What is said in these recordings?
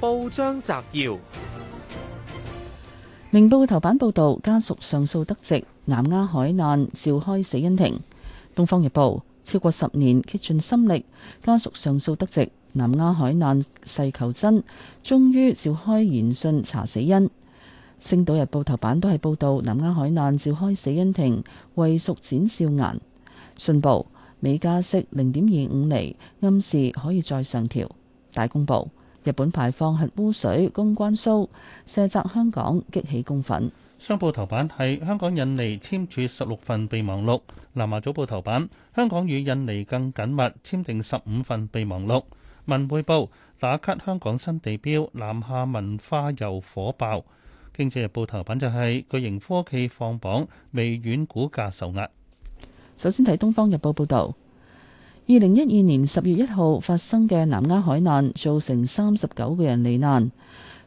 報章摘要：明報頭版報道，家屬上訴得直，南丫海難召開死因庭。東方日報，超過十年竭盡心力，家屬上訴得直，南丫海難細求真，終於召開言訊查死因。星島日報頭版都係報道南丫海難召開死因庭，遺屬展笑顏。信報美加息零點二五厘，暗示可以再上調。大公報日本排放核污水，公關騷，卸責，香港激起公憤。商報頭版係香港印尼簽署十六份備忘錄，南華早報頭版香港與印尼更緊密簽訂十五份備忘錄。文匯報打卡香港新地標，南下文化又火爆。經濟日報頭版就係巨型科技放榜，微軟股價受壓。首先睇東方日報報道。二零一二年十月一號發生嘅南丫海難，造成三十九個人罹難。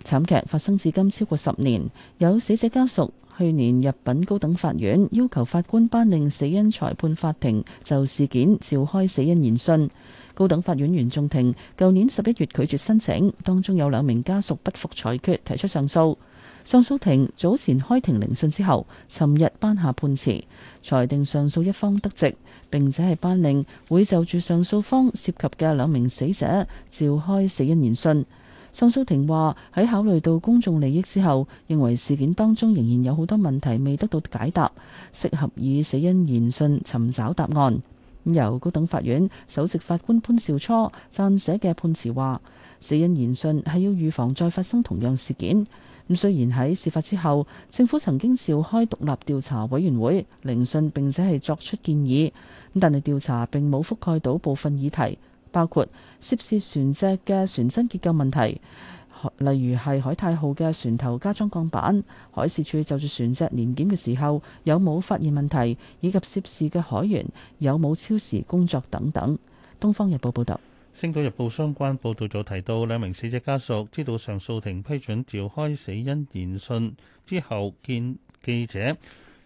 慘劇發生至今超過十年，有死者家屬去年入禀高等法院，要求法官頒令死因裁判法庭就事件召開死因研訊。高等法院原訟庭舊年十一月拒絕申請，當中有兩名家屬不服裁決，提出上訴。上訴庭早前開庭聆訊之後，尋日頒下判詞，裁定上訴一方得直，並且係頒令會就住上訴方涉及嘅兩名死者召開死因言訊。上訴庭話喺考慮到公眾利益之後，認為事件當中仍然有好多問題未得到解答，適合以死因言訊尋找答案。由高等法院首席法官潘兆初撰寫嘅判詞話：死因言訊係要預防再發生同樣事件。咁雖然喺事發之後，政府曾經召開獨立調查委員會聆訊，並且係作出建議，但係調查並冇覆蓋到部分議題，包括涉事船隻嘅船身結構問題，例如係海泰號嘅船頭加裝鋼板，海事處就住船隻年檢嘅時候有冇發現問題，以及涉事嘅海員有冇超時工作等等。《東方日報》報道。星島日報相關報導就提到，兩名死者家屬知道上訴庭批准召開死因研訊之後，見記者。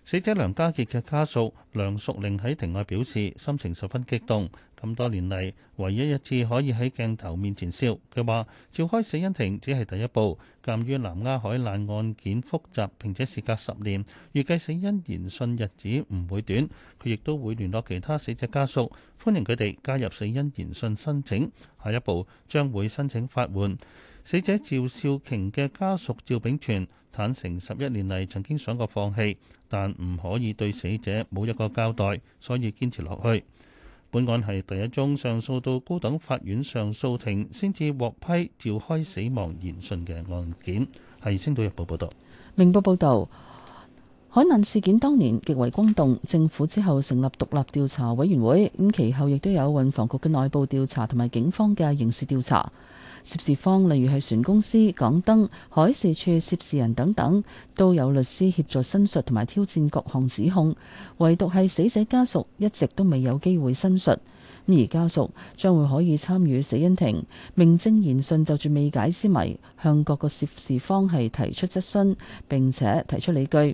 死者梁家傑嘅家屬梁淑玲喺庭外表示，心情十分激動。咁多年嚟，唯一一次可以喺鏡頭面前笑。佢話召開死因庭只係第一步，鑒於南丫海難案件複雜，並且事隔十年，預計死因研訊日子唔會短。佢亦都會聯絡其他死者家屬，歡迎佢哋加入死因研訊申請。下一步將會申請法援。死者趙少瓊嘅家屬趙炳全坦承，十一年嚟，曾經想過放棄，但唔可以對死者冇一個交代，所以堅持落去。本案係第一宗上訴到高等法院上訴庭，先至獲批召開死亡研訊嘅案件。係星島日報報道，明報報道。海難事件當年極為轟動，政府之後成立獨立調查委員會。咁其後亦都有運房局嘅內部調查同埋警方嘅刑事調查。涉事方例如係船公司、港燈、海事處、涉事人等等，都有律師協助申述同埋挑戰各項指控。唯獨係死者家屬一直都未有機會申述。咁而家屬將會可以參與死因庭，名正言順就住未解之謎，向各個涉事方係提出質詢並且提出理據。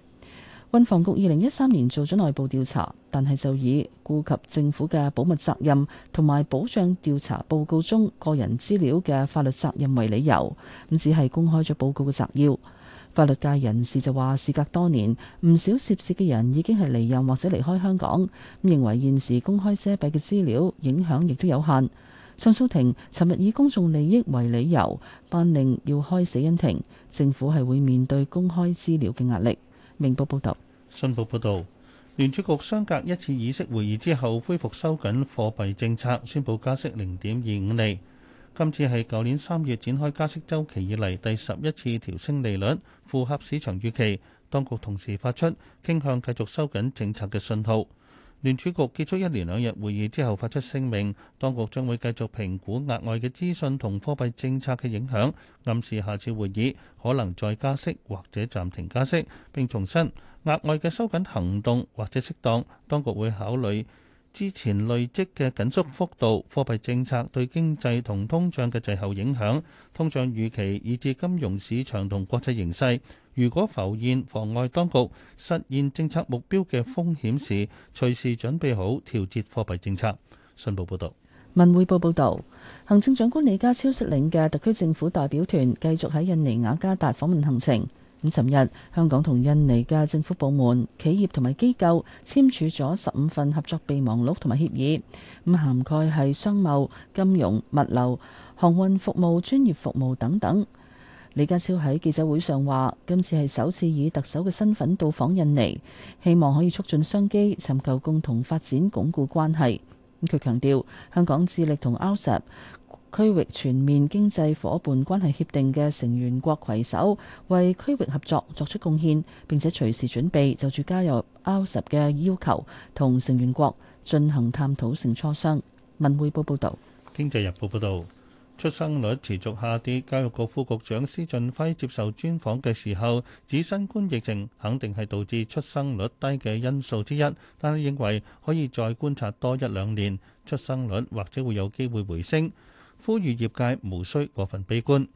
運房局二零一三年做咗內部調查，但係就以顧及政府嘅保密責任同埋保障調查報告中個人資料嘅法律責任為理由，咁只係公開咗報告嘅摘要。法律界人士就話：事隔多年，唔少涉事嘅人已經係離任或者離開香港，認為現時公開遮蔽嘅資料影響亦都有限。上訴庭尋日以公眾利益為理由，頒令要開死因庭，政府係會面對公開資料嘅壓力。明報報導，信報報導，聯儲局相隔一次議息會議之後，恢復收緊貨幣政策，宣布加息零點二五厘。今次係舊年三月展開加息週期以嚟第十一次調升利率，符合市場預期。當局同時發出傾向繼續收緊政策嘅信號。聯儲局結束一連兩日會議之後，發出聲明，當局將會繼續評估額外嘅資訊同貨幣政策嘅影響，暗示下次會議可能再加息或者暫停加息。並重申額外嘅收緊行動或者適當，當局會考慮之前累積嘅緊縮幅度、貨幣政策對經濟同通脹嘅滯後影響、通脹預期以至金融市場同國際形勢。如果浮現妨礙當局實現政策目標嘅風險時，隨時準備好調節貨幣政策。信報報道。文匯報報道，行政長官李家超率領嘅特區政府代表團繼續喺印尼雅加達訪問行程。咁尋日，香港同印尼嘅政府部門、企業同埋機構簽署咗十五份合作備忘錄同埋協議，咁涵蓋係商貿、金融、物流、航運服務、專業服務等等。李家超喺記者會上話：今次係首次以特首嘅身份到訪印尼，希望可以促進商機，尋求共同發展，鞏固關係。佢強調，香港致力同 RCEP 區域全面經濟伙伴關係協定嘅成員國攜手，為區域合作作出貢獻，並且隨時準備就住加入 RCEP 嘅要求同成員國進行探討，性磋商。《文匯報》報道。《經濟日報》報道。出生率持續下跌，教育局副局長施俊輝接受專訪嘅時候指，新冠疫情肯定係導致出生率低嘅因素之一，但係認為可以再觀察多一兩年，出生率或者會有機會回升，呼籲業界無需過分悲觀。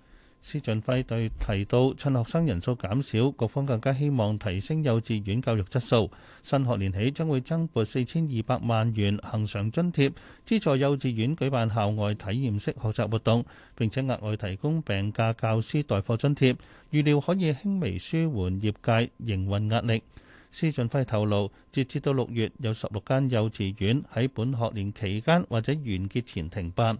施俊輝對提到，趁學生人數減少，各方更加希望提升幼稚園教育質素。新學年起將會增撥四千二百萬元恆常津貼，資助幼稚園舉辦校外體驗式學習活動，並且額外提供病假教師代課津貼，預料可以輕微舒緩業界營運壓力。施俊輝透露，截至到六月，有十六間幼稚園喺本學年期間或者完結前停辦。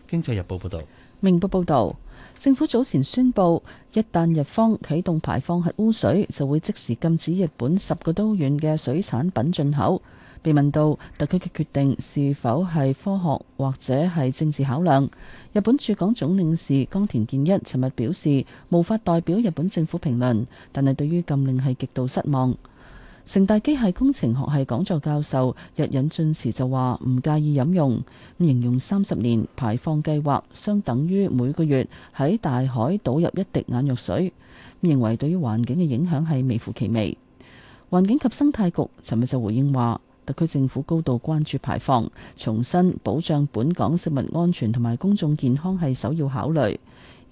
《經濟日報》報導，明報報導，政府早前宣布，一旦日方啟動排放核污水，就會即時禁止日本十個都縣嘅水產品進口。被問到特區嘅決定是否係科學或者係政治考量，日本駐港總領事岡田健一尋日表示，無法代表日本政府評論，但係對於禁令係極度失望。成大機械工程學系講座教授日引進時就話：唔介意飲用咁，形容三十年排放計劃相等於每個月喺大海倒入一滴眼藥水。認為對於環境嘅影響係微乎其微。環境及生態局尋日就回應話，特區政府高度關注排放，重申保障本港食物安全同埋公眾健康係首要考慮。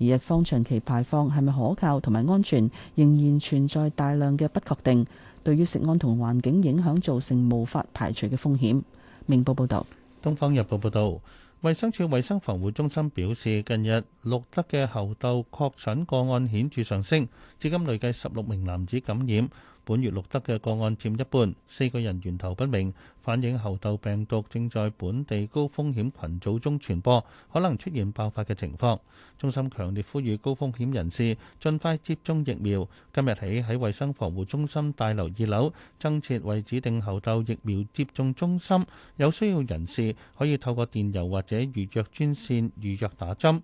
而日方長期排放係咪可靠同埋安全，仍然存在大量嘅不確定。對於食安同環境影響造成無法排除嘅風險。明報報道，東方日報報道，衛生署衛生防護中心表示，近日錄得嘅猴痘確診個案顯著上升，至今累計十六名男子感染。本月錄得嘅個案佔一半，四個人源頭不明，反映猴痘病毒正在本地高風險群組中傳播，可能出現爆發嘅情況，中心強烈呼籲高風險人士盡快接種疫苗。今日起喺衛生防護中心大樓二樓增設為指定猴痘疫苗接種中心，有需要人士可以透過電郵或者預約專線預約打針。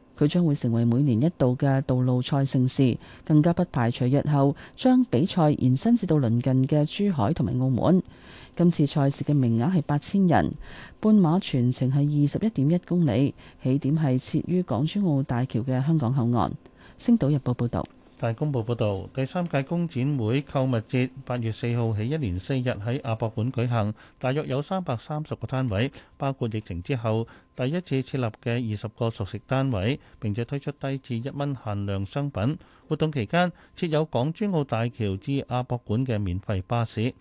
佢將會成為每年一度嘅道路賽盛事，更加不排除日後將比賽延伸至到鄰近嘅珠海同埋澳門。今次賽事嘅名額係八千人，半馬全程係二十一點一公里，起點係設於港珠澳大橋嘅香港口岸。星島日報報導。大公報報道，第三屆工展會購物節八月四號起一連四日喺亞博館舉行，大約有三百三十個單位，包括疫情之後第一次設立嘅二十個熟食單位，並且推出低至一蚊限量商品。活動期間設有港珠澳大橋至亞博館嘅免費巴士。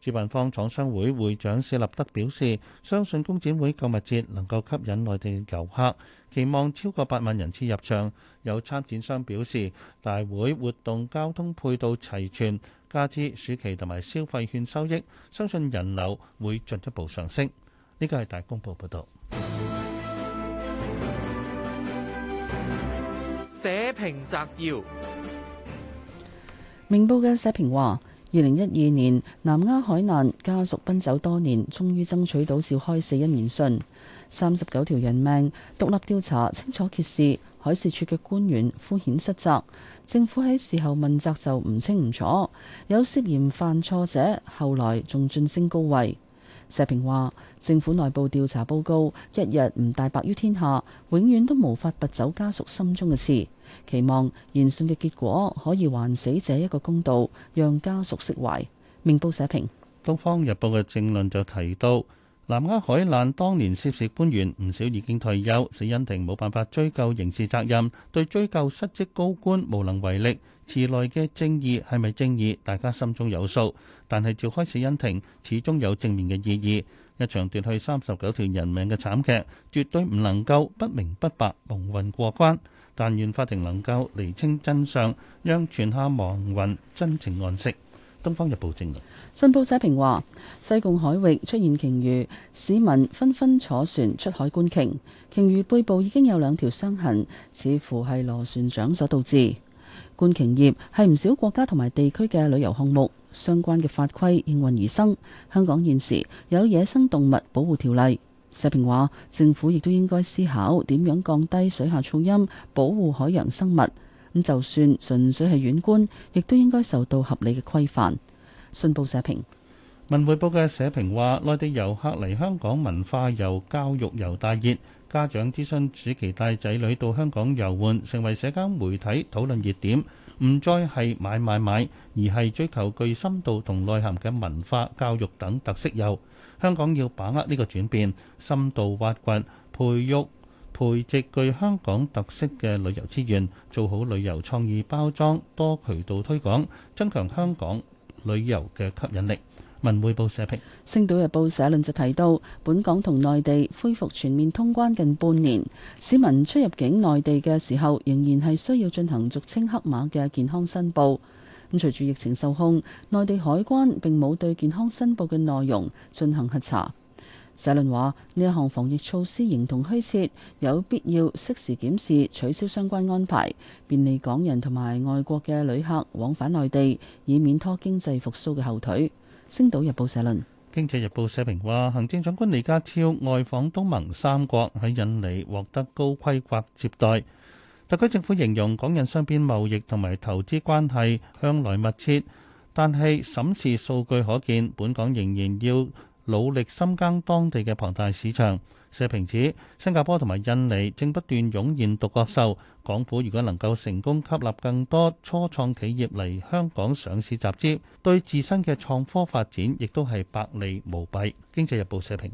住民方廠商會會長薛立德表示，相信工展會購物節能夠吸引內地遊客，期望超過八萬人次入場。有參展商表示，大會活動交通配套齊全，加之暑期同埋消費券收益，相信人流會進一步上升。呢個係大公報報道。社評摘要：明報嘅社評話。二零一二年，南丫海難家屬奔走多年，終於爭取到召開死因研訊。三十九條人命，獨立調查，清楚揭示海事處嘅官員敷衍失責，政府喺事後問責就唔清唔楚，有涉嫌犯錯者後來仲晉升高位。社評話：政府內部調查報告一日唔大白於天下，永遠都無法拔走家屬心中嘅刺。期望完善嘅結果可以還死者一個公道，讓家屬釋懷。明報社評。東方日報嘅政論就提到，南丫海難當年涉事官員唔少已經退休，死因庭冇辦法追究刑事責任，對追究失職高官無能為力。遲來嘅正義係咪正義，大家心中有數，但係召開死因庭始終有正面嘅意義。一場奪去三十九條人命嘅慘劇絕對唔能夠不明不白蒙混過關。但願法庭能夠釐清真相，讓全下望運真情暗息。《東方日報》證據。信報社評話，西貢海域出現鯨魚，市民紛紛坐船出海觀鯨，鯨魚背部已經有兩條傷痕，似乎係螺旋槳所導致。觀鯨業係唔少國家同埋地區嘅旅遊項目，相關嘅法規應運而生。香港現時有野生動物保護條例。社評話，政府亦都應該思考點樣降低水下噪音，保護海洋生物。咁就算純粹係遠觀，亦都應該受到合理嘅規範。信報社評。文匯報嘅社評話，內地遊客嚟香港文化遊、教育遊大熱，家長諮詢暑期帶仔女到香港遊玩，成為社交媒體討論熱點。唔再係買買買，而係追求具深度同內涵嘅文化、教育等特色遊。香港要把握呢個轉變，深度挖掘、培育、培植具香港特色嘅旅遊資源，做好旅遊創意包裝，多渠道推廣，增強香港旅遊嘅吸引力。文匯報社評。星島日報社論就提到，本港同內地恢復全面通關近半年，市民出入境內地嘅時候，仍然係需要進行俗稱黑馬嘅健康申報。咁隨住疫情受控，內地海關並冇對健康申報嘅內容進行核查。社論話：呢一項防疫措施形同虛設，有必要適時檢視，取消相關安排，便利港人同埋外國嘅旅客往返內地，以免拖經濟復甦嘅後腿。星島日報社論。經濟日報社評話：行政長官李家超外訪東盟三國喺印尼獲得高規格接待。特區政府形容港印雙邊貿易同埋投資關係向來密切，但係審視數據可見，本港仍然要努力深耕當地嘅龐大市場。社評指新加坡同埋印尼正不斷湧現獨角獸，港府如果能夠成功吸納更多初創企業嚟香港上市集資，對自身嘅創科發展亦都係百利無弊。經濟日報社評。